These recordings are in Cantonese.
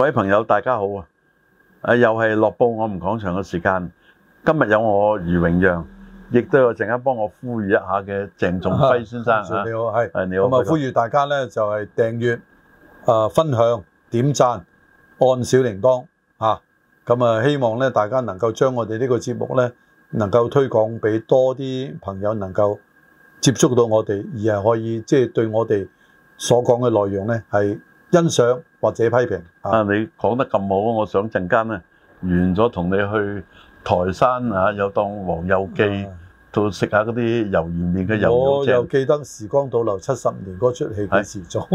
各位朋友，大家好啊！啊，又係《樂報》我哋講場嘅時間。今日有我余榮讓，亦都有陣間，幫我呼籲一下嘅鄭仲輝先生。啊啊、你好，係咁啊！你好呼籲大家咧，就係、是、訂閱、啊、呃、分享、點讚、按小鈴鐺啊！咁啊，希望咧大家能夠將我哋呢個節目咧，能夠推廣俾多啲朋友能夠接觸到我哋，而係可以即係、就是、對我哋所講嘅內容咧係。是欣賞或者批評啊！你講得咁好，我想陣間咧完咗同你去台山啊，又當黃友記，就食下嗰啲油鹽麵嘅油。我又記得《時光倒流七十年》嗰出戲幾時做？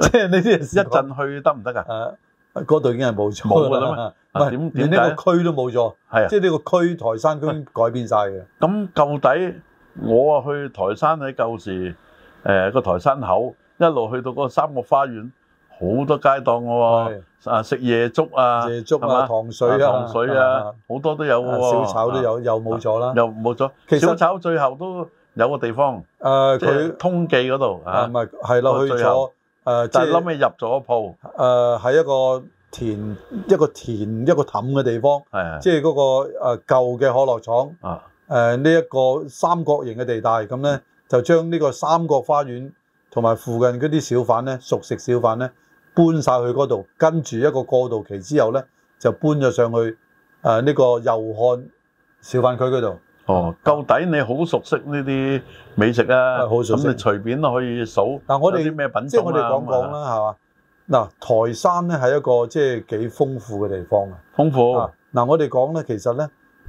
即係呢啲一陣去得唔得啊？嗰度已經係冇咗啦。唔係點解？連呢個區都冇咗？即係呢個區台山區改變晒。嘅、啊。咁舊、啊、底我啊去台山喺舊時誒個、呃、台山口一路去到嗰三角花園。好多街檔喎，啊食椰粥啊，椰粥啊糖水啊，糖水啊，好多都有喎。小炒都有，又冇咗啦，又冇咗。其實小炒最後都有個地方，佢通記嗰度嚇，唔係係落去咗誒，但係諗起入咗鋪，誒係一個田一個田一個氹嘅地方，即係嗰個舊嘅可樂廠啊，呢一個三角形嘅地帶咁咧，就將呢個三角花園同埋附近嗰啲小販咧，熟食小販咧。搬晒去嗰度，跟住一個過渡期之後咧，就搬咗上去誒呢、呃這個右漢小販區嗰度。哦，到底你好熟悉呢啲美食啊，咁、嗯、你隨便都可以數。但、啊、我哋咩品即係我哋講講啦，係嘛？嗱、啊，台山咧係一個即係、就是、幾豐富嘅地方啊。豐富、啊。嗱、啊，我哋講咧，其實咧。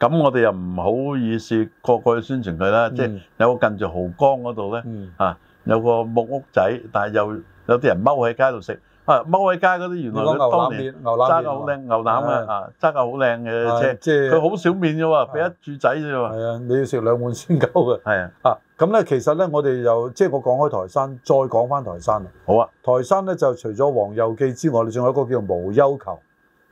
咁我哋又唔好意思個個去宣傳佢啦，即係有個近住濠江嗰度咧，啊有個木屋仔，但係又有啲人踎喺街度食啊，踎喺街嗰啲原來當年真係好靚牛腩啊，真係好靚嘅車，佢好少麵嘅喎，俾一柱仔啫喎。係啊，你要食兩碗先夠嘅。係啊，啊咁咧，其實咧我哋又即係我講開台山，再講翻台山啊。好啊，台山咧就除咗黃又記之外，你仲有個叫做無憂球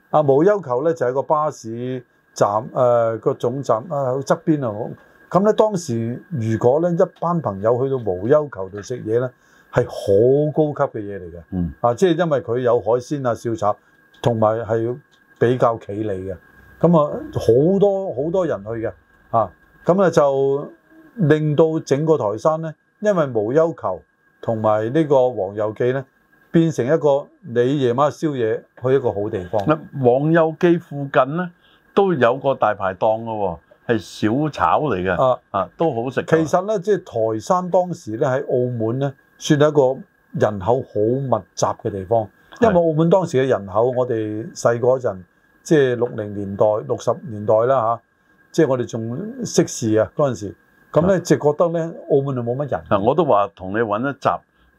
啊，無憂球咧就係個巴士。站，誒個總站啊，喺側邊啊。咁咧當時如果咧一班朋友去到無憂球度食嘢咧，係好高級嘅嘢嚟嘅。嗯啊，即係因為佢有海鮮啊、小炒，同埋係比較企理嘅。咁啊，好多好多人去嘅啊。咁啊就令到整個台山咧，因為無憂球同埋呢個黃油記咧，變成一個你夜晚宵夜去一個好地方。黃油記附近咧，都有個大排檔嘅喎，係小炒嚟嘅，啊啊都好食。其實咧，即係台山當時咧喺澳門咧，算係一個人口好密集嘅地方。是因為澳門當時嘅人口，我哋細個嗰陣，即係六零年代、六十年代啦嚇、啊，即係我哋仲識事啊嗰陣時，咁、啊、咧是就覺得咧澳門就冇乜人。我都話同你揾一集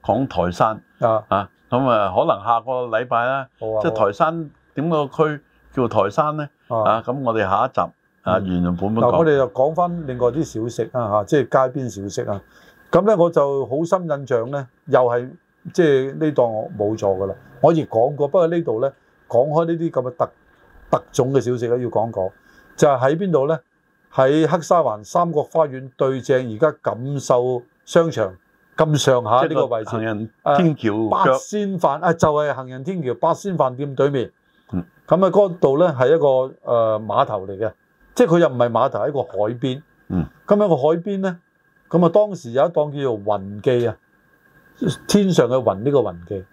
講台山啊是啊，咁啊可能下個禮拜啦，好啊、即係台山點、啊、個區叫台山咧？啊咁，啊我哋下一集啊，嗯、原原本本講、嗯、我哋就講翻另外啲小食啊，即係街邊小食啊。咁、就、咧、是，啊、我就好深印象咧，又係即係呢檔冇錯噶啦。就是、我亦講過，不過呢度咧講開呢啲咁嘅特特種嘅小食咧、啊，要講講就係喺邊度咧？喺黑沙環三角花園對正而家錦繡商場咁上下，即係呢個位置個行人天橋、啊、八仙飯啊，就係、是、行人天橋八仙飯店對面。咁啊，嗰度咧係一個誒碼頭嚟嘅，即係佢又唔係碼頭，係一個海邊。嗯。咁喺個海邊咧，咁啊當時有一檔叫做雲記啊，天上嘅雲呢個雲記。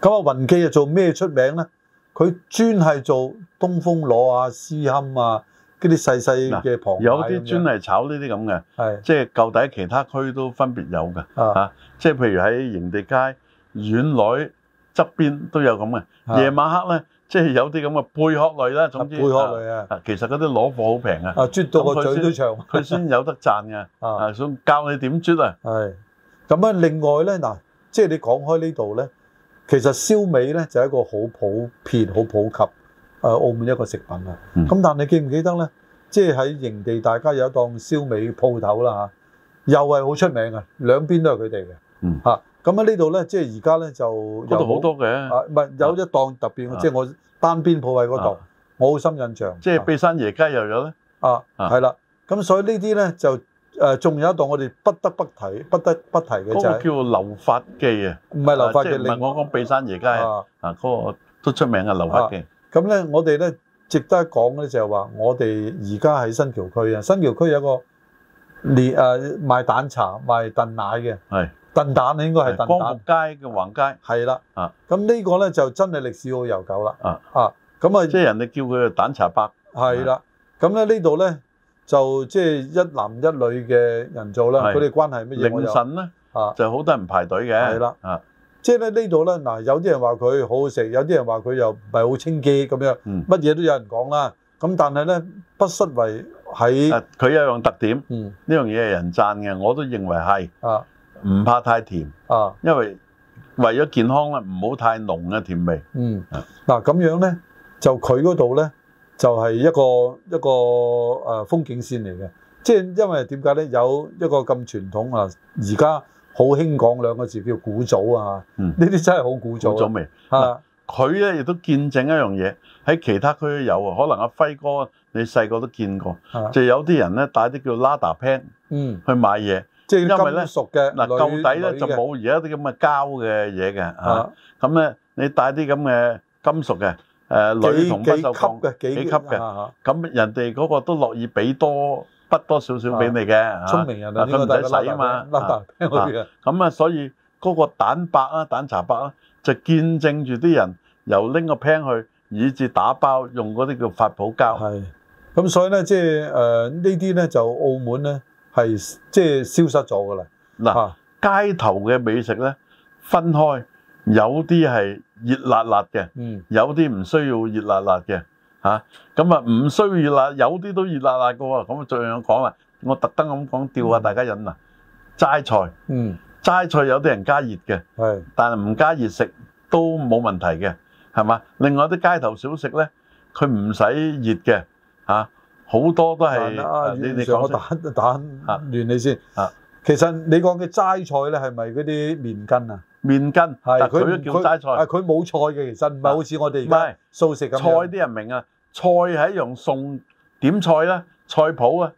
咁啊雲記又做咩出名咧？佢專係做東風螺啊、絲襟啊、嗰啲細細嘅螃蟹。有啲專係炒呢啲咁嘅，是即係舊底其他區都分別有嘅。是啊，即係譬如喺營地街、院內側邊都有咁嘅。夜是晚黑咧。即係有啲咁嘅貝殼類啦，總之啊，貝殼類啊，其實嗰啲攞貨好平啊，啊，啜到個嘴都長，佢先有得賺嘅啊，想教你點啜啊？係咁啊，另外咧嗱，即係你講開呢度咧，其實燒味咧就係一個好普遍、好普及啊澳門一個食品啊。咁但你記唔記得咧？即係喺營地，大家有一檔燒味鋪頭啦嚇，又係好出名嘅，兩邊都係佢哋嘅，嗯嚇。咁喺呢度咧，即係而家咧就嗰、是、度好多嘅、啊，唔係、啊、有一檔特別嘅，即係、啊、我單邊鋪位嗰檔，啊、我好深印象。即係碧山椰街又有咧。啊，係啦、啊。咁所以呢啲咧就誒，仲、呃、有一檔我哋不得不提、不得不提嘅就係叫做流發記啊。唔係流發記，問、啊就是、我講碧山椰街啊，嗰個都出名嘅流發記。咁咧、啊，我哋咧值得一講嘅就係話，我哋而家喺新橋區啊，新橋區有個連誒賣蛋茶、賣燉奶嘅。係。燉蛋咧，應該係燉蛋。光復街嘅橫街係啦，啊，咁呢個咧就真係歷史好悠久啦。啊啊，咁啊，即係人哋叫佢蛋茶伯。係啦，咁咧呢度咧就即係一男一女嘅人做啦，佢哋關係乜嘢？凌晨咧，啊，就好多人排隊嘅。係啦，啊，即係咧呢度咧嗱，有啲人話佢好好食，有啲人話佢又唔係好清潔咁樣，嗯，乜嘢都有人講啦。咁但係咧不失為喺啊，佢有一樣特點，嗯，呢樣嘢係人讚嘅，我都認為係啊。唔怕太甜啊，因為為咗健康咧，唔好太濃嘅甜味。嗯，嗱咁樣咧，就佢嗰度咧，就係、是、一個一個誒風景線嚟嘅。即係因為點解咧？有一個咁傳統啊，而家好興講兩個字叫古早啊。嗯，呢啲真係好古早。古早味嚇，佢咧亦都見證一樣嘢，喺其他區都有啊。可能阿輝哥你細個都見過，啊、就有啲人咧帶啲叫 lada pen，嗯，去買嘢。即係金屬嘅，嗱，舊底咧就冇而家啲咁嘅膠嘅嘢嘅嚇，咁咧你帶啲咁嘅金屬嘅，誒，鋁同不銹鋼嘅，幾級嘅，咁人哋嗰個都樂意俾多，不多少少俾你嘅，嚇，聰明人啊，唔使使啊嘛，咁啊，所以嗰個蛋白啊，蛋茶白啊，就見證住啲人由拎個 pan 去，以至打包用嗰啲叫發泡膠，係，咁所以咧，即係呢啲咧就澳門咧。係即係消失咗噶啦。嗱、啊，街頭嘅美食咧，分開，有啲係熱辣辣嘅，嗯、有啲唔需要熱辣辣嘅。嚇、啊，咁啊唔需要熱辣，有啲都熱辣辣嘅。咁啊，再樣講啦，我特登咁講，吊下大家癮啊。齋菜，嗯、齋菜有啲人加熱嘅，是但係唔加熱食都冇問題嘅，係嘛？另外啲街頭小食咧，佢唔使熱嘅，嚇、啊。好多都係啊！你你講蛋蛋亂你先啊！其實你講嘅齋菜咧係咪嗰啲麵筋啊？麵筋係佢佢都叫齋菜啊！佢冇菜嘅，其實唔係好似我哋而家唔係素食咁菜啲人明啊！菜係一樣餸，點菜咧菜譜啊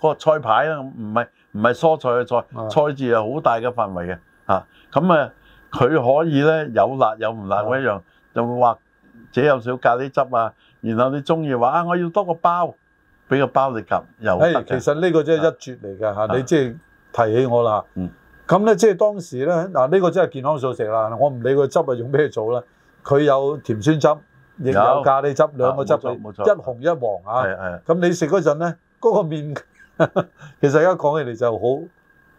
嗰個菜牌啊，唔係唔係蔬菜嘅菜，菜字係好大嘅範圍嘅啊！咁啊，佢可以咧有辣有唔辣嗰樣，又或者有少咖喱汁啊！然後你中意話啊，我要多個包。俾個包你夾又得、hey, 其實呢個真係一絕嚟嘅嚇，是的你即係提起我啦。嗯的。咁咧即係當時咧嗱，呢、這個真係健康素食啦。我唔理個汁係用咩做啦，佢有甜酸汁，亦有咖喱汁，兩有個汁冇錯冇錯一紅一黃嚇、啊。係係的。咁你食嗰陣咧，嗰、那個麵其實而家講起嚟就好。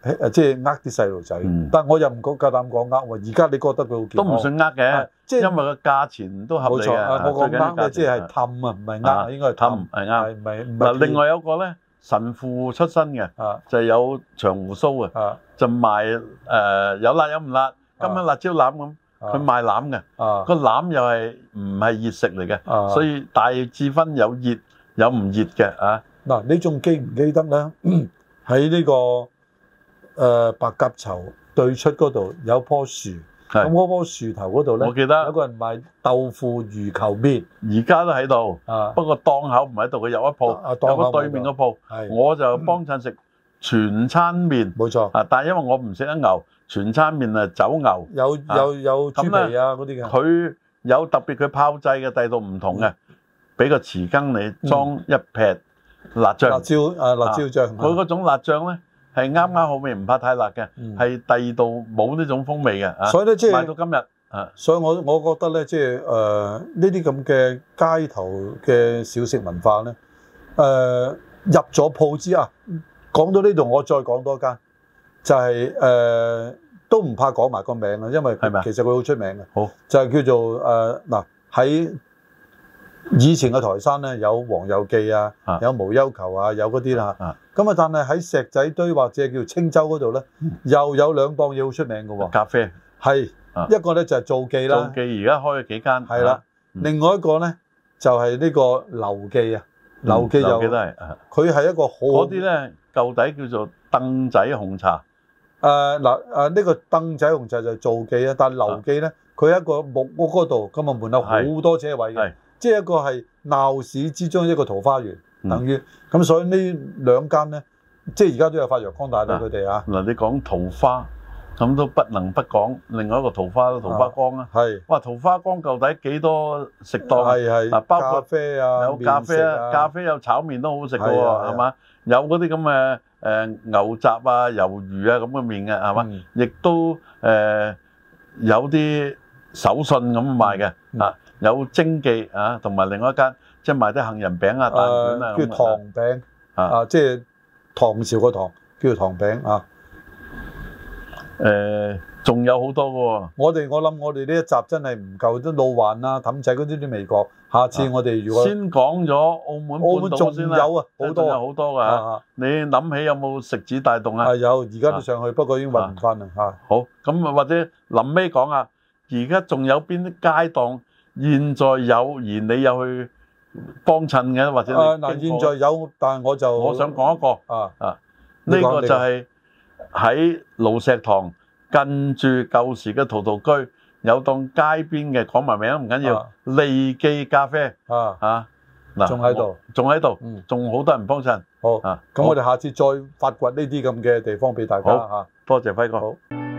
誒誒，即係呃啲細路仔，但係我又唔敢夠膽講呃喎。而家你覺得佢好都唔算呃嘅，即係因為個價錢都合理啊。冇錯啊，我講呃即係氹啊，唔係呃，應該係氹係啱。嗱，另外有個咧，神父出身嘅，就係有長鬍鬚嘅，就賣誒有辣有唔辣，金香辣椒欖咁，佢賣欖嘅。個欖又係唔係熱食嚟嘅，所以大致分有熱有唔熱嘅啊。嗱，你仲記唔記得咧？喺呢個誒白鴿巢對出嗰度有棵樹，咁嗰棵樹頭嗰度咧，我記得有個人賣豆腐魚球麵，而家都喺度，不過檔口唔喺度，佢有一鋪，有個對面嘅鋪，我就幫襯食全餐麵，冇錯，但係因為我唔食得牛，全餐麵啊走牛，有有有豬皮啊嗰啲嘅，佢有特別佢泡製嘅，第度唔同嘅，俾個匙羹你裝一撇辣椒，辣椒誒辣椒醬，佢嗰種辣椒醬咧。係啱啱好味，唔怕太辣嘅，係、嗯、第二度冇呢種風味嘅。所以咧，即係買到今日。所以我我覺得咧，即係誒呢啲咁嘅街頭嘅小食文化咧，誒、呃、入咗鋪之後，講、啊、到呢度，我再講多一間，就係、是、誒、呃、都唔怕講埋個名啦，因為佢係咪其實佢好出名嘅。好就係叫做誒嗱喺。呃以前嘅台山咧有黃有記啊，有無憂球啊，有嗰啲啦咁啊，但係喺石仔堆或者叫青洲嗰度咧，又有兩檔嘢好出名嘅喎。咖啡係是、啊、一個咧就係造記啦。造記而家開咗幾間。係啦的，啊、另外一個咧就係呢個劉記啊。劉記就係佢係一個好嗰啲咧，舊底叫做凳仔紅茶。誒嗱誒，呢、呃呃這個凳仔紅茶就係造記，是記啊，但係劉記咧，佢一個木屋嗰度，咁啊門口好多車位嘅。是即係一個係鬧市之中一個桃花源，等於咁，所以呢兩間咧，即係而家都有發揚光大到佢哋啊！嗱，你講桃花咁都不能不講，另外一個桃花，桃花江啊，係哇！桃花江究竟幾多食檔啊？嗱，包括有咖啡啊，咖啡有炒麵都好食嘅喎，係嘛？有嗰啲咁嘅誒牛雜啊、魷魚啊咁嘅麵嘅，係嘛？亦都誒有啲手信咁賣嘅嗱。有蒸記啊，同埋另外一間即係賣啲杏仁餅啊、蛋卷啊，叫糖餅啊，即係唐朝個唐，叫糖餅啊。誒，仲有好多㗎喎！我哋我諗我哋呢一集真係唔夠，啲老環啊、氹仔嗰啲都未講。下次我哋如果先講咗澳門半島先啦，澳門仲有啊，好多好多㗎。你諗起有冇食指大動啊？係有，而家都上去，不過已經揾唔翻啦吓。好，咁或者臨尾講啊，而家仲有邊啲街檔。現在有而你有去幫襯嘅，或者啊，嗱，現在有，但係我就我想講一個啊啊，呢個就係喺老石塘近住舊時嘅陶陶居有檔街邊嘅，講埋名唔緊要，利記咖啡啊啊，嗱，仲喺度，仲喺度，嗯，仲好多人幫襯，好啊，咁我哋下次再發掘呢啲咁嘅地方俾大家，嚇，多謝輝哥，好。